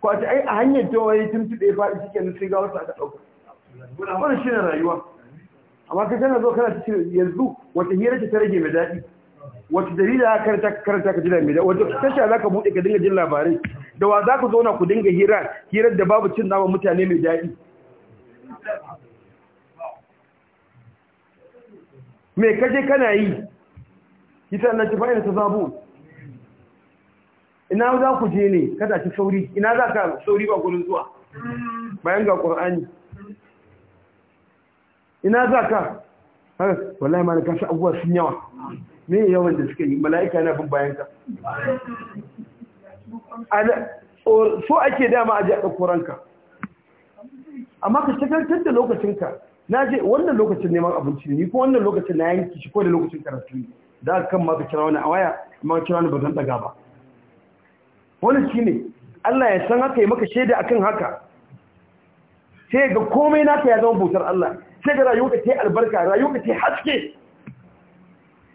ko a ce ai a hanyar cewa ya tuntuɗe faɗi shi kenan sai ga wasu aka ɗauka wani shi ne rayuwa amma ka kana zo kana cikin yanzu wata hira ce ta rage mai daɗi wata dalila karanta karanta ka jira mai daɗi wata tasha za ka buɗe ka dinga jin labarai da wa za ku zauna ku dinga hira hirar da babu cin nama mutane mai daɗi me kaje kana yi kita Allah ki ina ta zabu ina za ku je ne kada ki sauri ina za ka sauri ba gurin zuwa bayan ga qur'ani ina za ka wallahi ma ka sa abuwa sun yawa me yawan da suka yi mala'ika na bin bayan ka so ake dama a ji a ɗauko amma ka shagaltar da lokacinka na je wannan lokacin neman abinci ne ko wannan lokacin na yanki shi ko da lokacin karatu ne da kan ma ka kira wani a waya ma kira wani ba zan daga ba wani shi ne Allah ya san haka yi maka shaida a kan haka sai ga komai naka ya zama bautar Allah sai ga rayuwa ce albarka rayuwa ce haske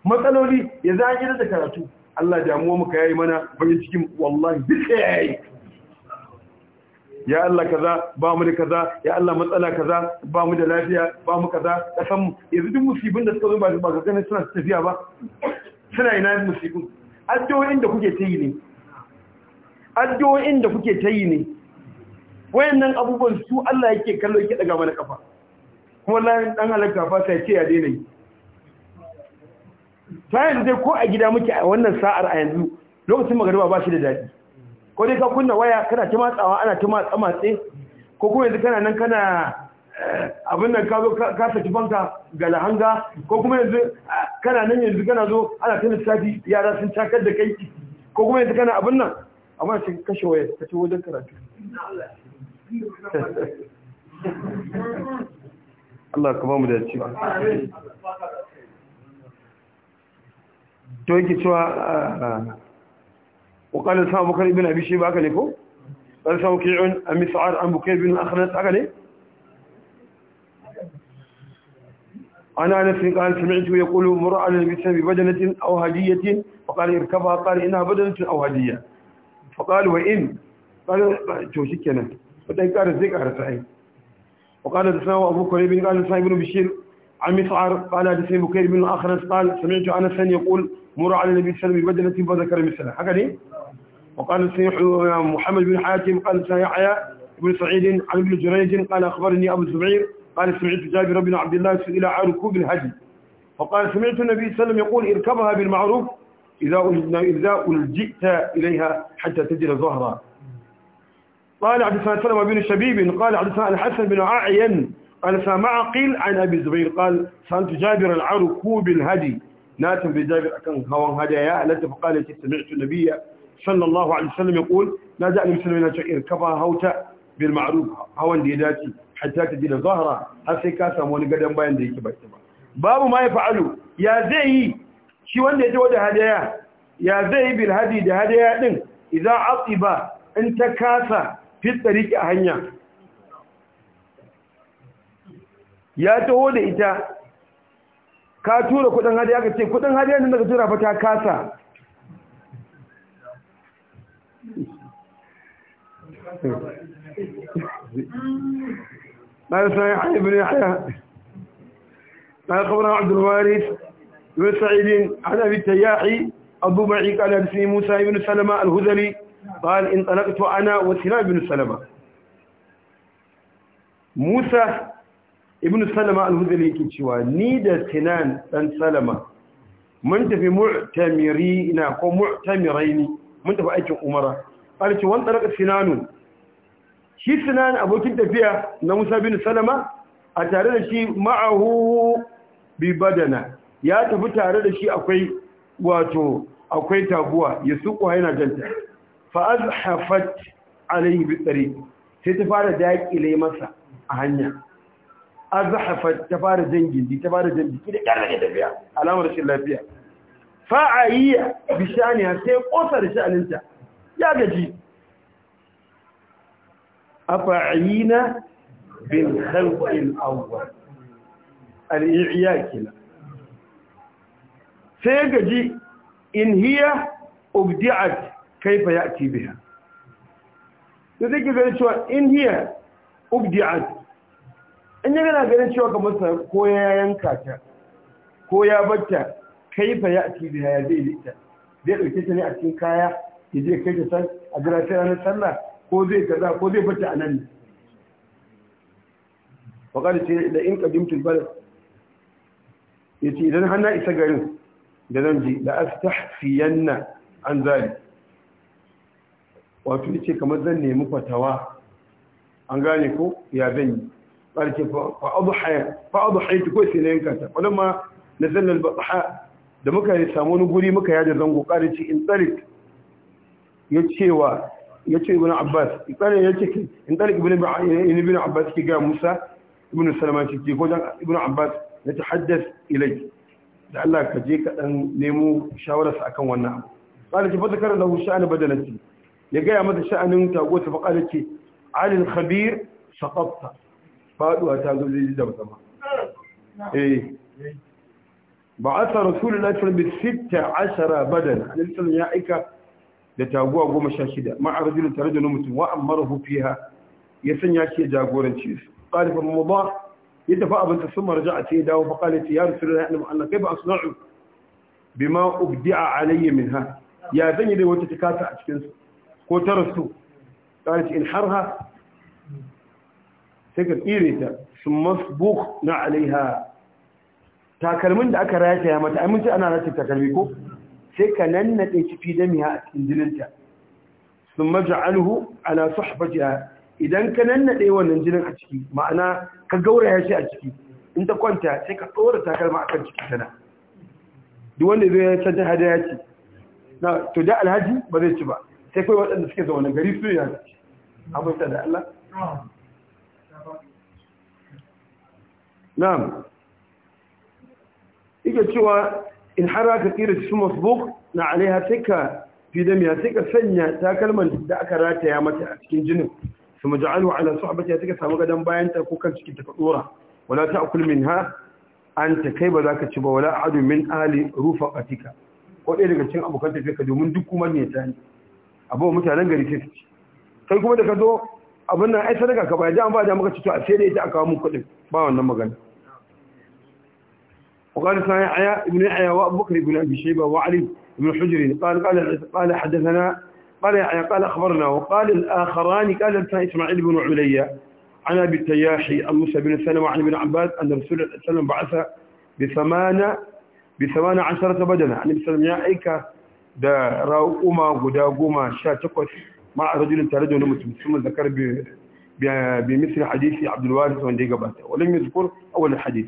matsaloli ya za a da karatu Allah damuwa muka yayi mana bayan cikin wallahi duka yi. ya Allah kaza ba mu da kaza ya Allah matsala kaza ba mu da lafiya ba mu kaza kasan mu yanzu duk musibin da suka zo ba ba ga suna tafiya ba suna ina musibin addu'o'in da kuke ta yi ne addu'o'in da kuke ta yi ne wayannan abubuwan su Allah yake kallo yake daga mana kafa kuma layin dan halaka fa sai ce ya daina yi ta yanzu ko a gida muke a wannan sa'ar a yanzu lokacin magariba ba shi da daɗi ko dai ka kunna waya kana ta matsawa ana ta matsa matse ko kuma yanzu kana nan kana eh, abin nan ka zo ka saki banka ga lahanga ko kuma yanzu eh, kana nan yanzu kana zo ana ta lissafi yara sun cakar da kai ko kuma yanzu kana abin nan amma sai kashe waya ka ci wajen karatu <laughs> Allah ka ba mu da ci to yake cewa ah, وقال لسان بكر بن أبي شيبة أكليكو قال لسان وكيع عن سعر أم بكير بن أخنات أكلي أنا أنس قال سمعت يقول مرأة لبسها ببدنة أو هدية فقال اركبها قال إنها بدنة أو هدية فقال وإن قال شو شكنا فتاي قال زيك أرسعين وقال أبو وأبو كريب قال لسان بن بشير عمي مسعر قال لسان بكير بن الأخنس قال سمعت أنسا يقول مر على النبي صلى الله عليه وسلم ببدنة فذكر مثلها هكذا وقال آه، محمد بن حاتم قال يحيى بن سعيد عن ابن جريج قال أخبرني أبو الزبير قال سمعت جابر بن عبد الله سئل عن ركوب الهدي فقال سمعت النبي صلى الله عليه وسلم يقول اركبها بالمعروف إذا إذا ألجئت إليها حتى تجد ظهرها قال عبد الله سلم بن شبيب قال عبد الله الحسن بن اعين قال سمع قيل عن أبي الزبير قال سألت جابرا العركوب ركوب الهدي ناتم بجابر أكن هوان هدايا التي فقالت سمعت النبي sallallahu alaihi wasallam yaqul na ji annabi sallallahu alaihi wasallam yana cewa hauta bil hawan da ya dace hatta ta ji da har sai ka samu wani gadan bayan da yake baki ba babu ma ya ya zai yi shi wanda ya ji wada hadaya ya zai yi bil da hadaya din idan asiba in ta kasa fi tsariki a hanya ya taho da ita ka tura kudin hadaya ka ce kudin hadaya nan daga tura fa ta kasa قال سعيد بن يحيى قال خبرنا عبد الوارث بن سعيد عن ابي التياحي ابو قال اسمي موسى بن سلمه الهذلي قال انطلقت انا وسلام بن سلمه موسى ابن سلمة الهذلي كيشوا نيد سنان بن سلمة من تفي معتمرين أو معتمرين من تفي أيش أمرا قالت وانطلقت سنان shi sunan abokin tafiya na musa bin salama a tare da shi ma'ahu bi badana ya tafi tare da shi akwai wato akwai tabuwa ya suƙuwa yana janta fa'azhafat alayhi bi tsari sai ta fara daƙile masa a hanya azhafat ta fara jan ta fara da jiki da tafiya alamar shi lafiya fa'ayya bishaniya sai ƙosa da sha'aninta ya gaji afa'ina bil khalqil awwal al-i'ya kila sai gaji in hiya ubdi'at kaifa ya'ti biha da zai ganin cewa in hiya ubdi'at in ya ganin cewa kamar sa ko ya yanka ta ko ya batta kaifa ya'ti biha ya zai zai dauke ta ne a cikin kaya ya je ta san a jira sai ranar sallah ko zai kaza ko zai fata a nan ne faƙar ce da in ƙadimtul balad ya ce idan hana isa garin da zan ji da astahfiyanna an zali wato ya ce kamar zan nemi fatawa an gane ko ya zan yi ƙarke fa'adu haitu ko sai na yanka ta wadda ma na zannan ba'a da muka yi samu wani guri muka yada zango ƙarce in tsarik ya cewa ya ce ibn abbas ikare ya ce in ɗalik ibn abbas ke ga musa ibn salama ce ke wajen ibn abbas ya ta haddas ilai da allah ka je ka ɗan nemo shawararsa akan wannan abu ƙwada ce fata karar lahu sha'anin badalanci ya gaya mata sha'anin tago ta faƙa ce alil khabir shaƙafta Faduwa ta zo zai da eh ba a sa rasulun lafiya bi sitta ashara badana alisalun ya aika da taguwa goma sha shida ma'arajin tare da mutum wa hufi ha ya sanya shi ya jagoranci su ƙalifin mu ba ya tafi abinta sun marja a ce dawo fa ƙalifi ya rasu da ya'alamu Allah kai ba a suna'u bi ma a alayya min ha ya zan yi da wata ta kasa a cikinsu ko ta rasu ƙalifi in har ha sai ka tsire ta sun masbuk na alaiha takalmin da aka ya mata amince ana rataya takalmi ko sai ka nan nannaɗe shi fi miya a cikin jininta sun maja'alhu ala suhbatiha idan ka nan na nannaɗe wannan jinin a ciki ma'ana ka gauraya shi a ciki in ta kwanta sai ka tsora takalma kan ciki tana duk wanda zai san ta ya ce na to da alhaji ba zai ci ba sai kai waɗanda suke zaune gari su ya ci abin da Allah na'am ike cewa in har aka tsira cikin masbuk na alaiha sai ka fi damiya sai ka sanya takalman da aka rataya mata a cikin jinin su majalu ala sahbati ya take samu gadan bayan ta ko kan cikin ta kadura wala akul minha anta kai ba zaka ci ba wala adu min ali rufa atika ko dai daga cikin abokan ta ka domin duk kuma ne ta ne abu mutanen gari sai ci kai kuma da ka zo abin nan ai sadaka ka ba da an ba da muka ci to a sai da ita aka kawo mun kudin. ba wannan magana وقال سمع يحيى بن يحيى وابو بكر بن ابي شيبه وعلي بن حجر قال قال قال حدثنا قال يحيى قال اخبرنا وقال الاخران قال اسماعيل بن عليا عن ابي التياحي عن موسى بن سلمة وعن ابن عباس ان رسول الله صلى الله عليه وسلم بعث بثمانه بثمان عشرة بدنة عن ابن سلم يا ايكا da ra'uma guda goma sha takwas مع رجل rajulun tare ثم ذكر بمثل حديث عبد الوارث misir hadisi ولم يذكر أول الحديث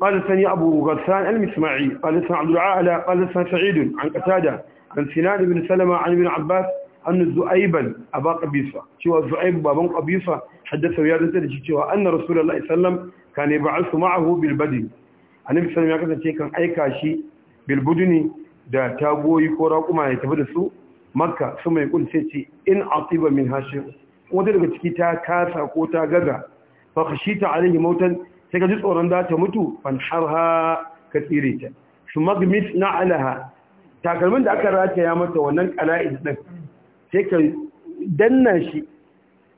قال Sani أبو غسان المسماعي قال ثاني عبد العالى قال ثاني سعيد عن قتادة عن سنان بن سلمة عن ابن عباس أن زؤيبا أبا قبيصة شوى زؤيب بابا قبيصة حدث ويادة تلك أن رسول الله صلى الله عليه وسلم كان يبعث معه بالبدن annabi sallallahu alaihi wasallam ya kasance kan aika shi ne? da tagoyi ko raƙuma ya tafi da su makka su mai kun sai ce in atiba min hashim wanda daga ciki ta kasa ko ta gaga fa khashita alaihi sai ka ji tsoron za ta mutu fanharha ka tsire ta su magmit na alaha takalmin da aka rataya mata wannan kala'id din sai ka danna shi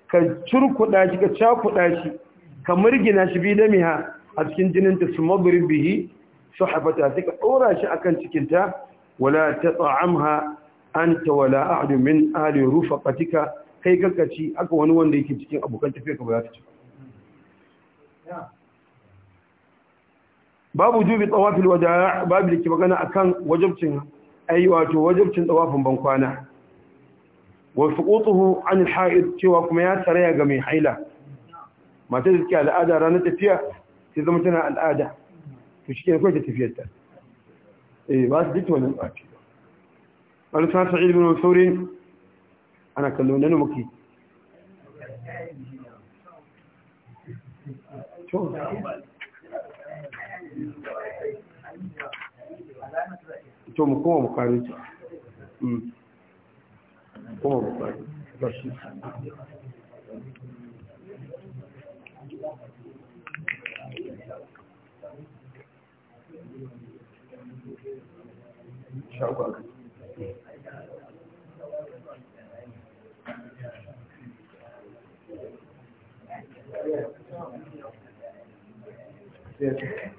ka curkuɗa shi ka cakuɗa shi ka murgina shi bi miha a cikin jininta su mabirin bihi su haifata sai ka ɗora shi akan cikinta wala ta tsa'amha an ta wala ahadu min ahadu rufa fatika kai kankaci aka wani wanda yake cikin abokan tafiya ka ba za ta ci babu jubi tsawafil wada babu da ke magana akan wajabcin ai wato wajabcin tsawafin bankwana wasu suqutuhu an al-ha'id cewa kuma ya tsaraya ga mai haila matar da take al'ada ranar tafiya sai zama tana al'ada to shi ke kai ta tafiyar ta eh ba su duk wannan tsafi ba al-sa sa'id bin saurin ana kallon nan muke to to mu koma bukari ta bukari mm. bashi Yeah.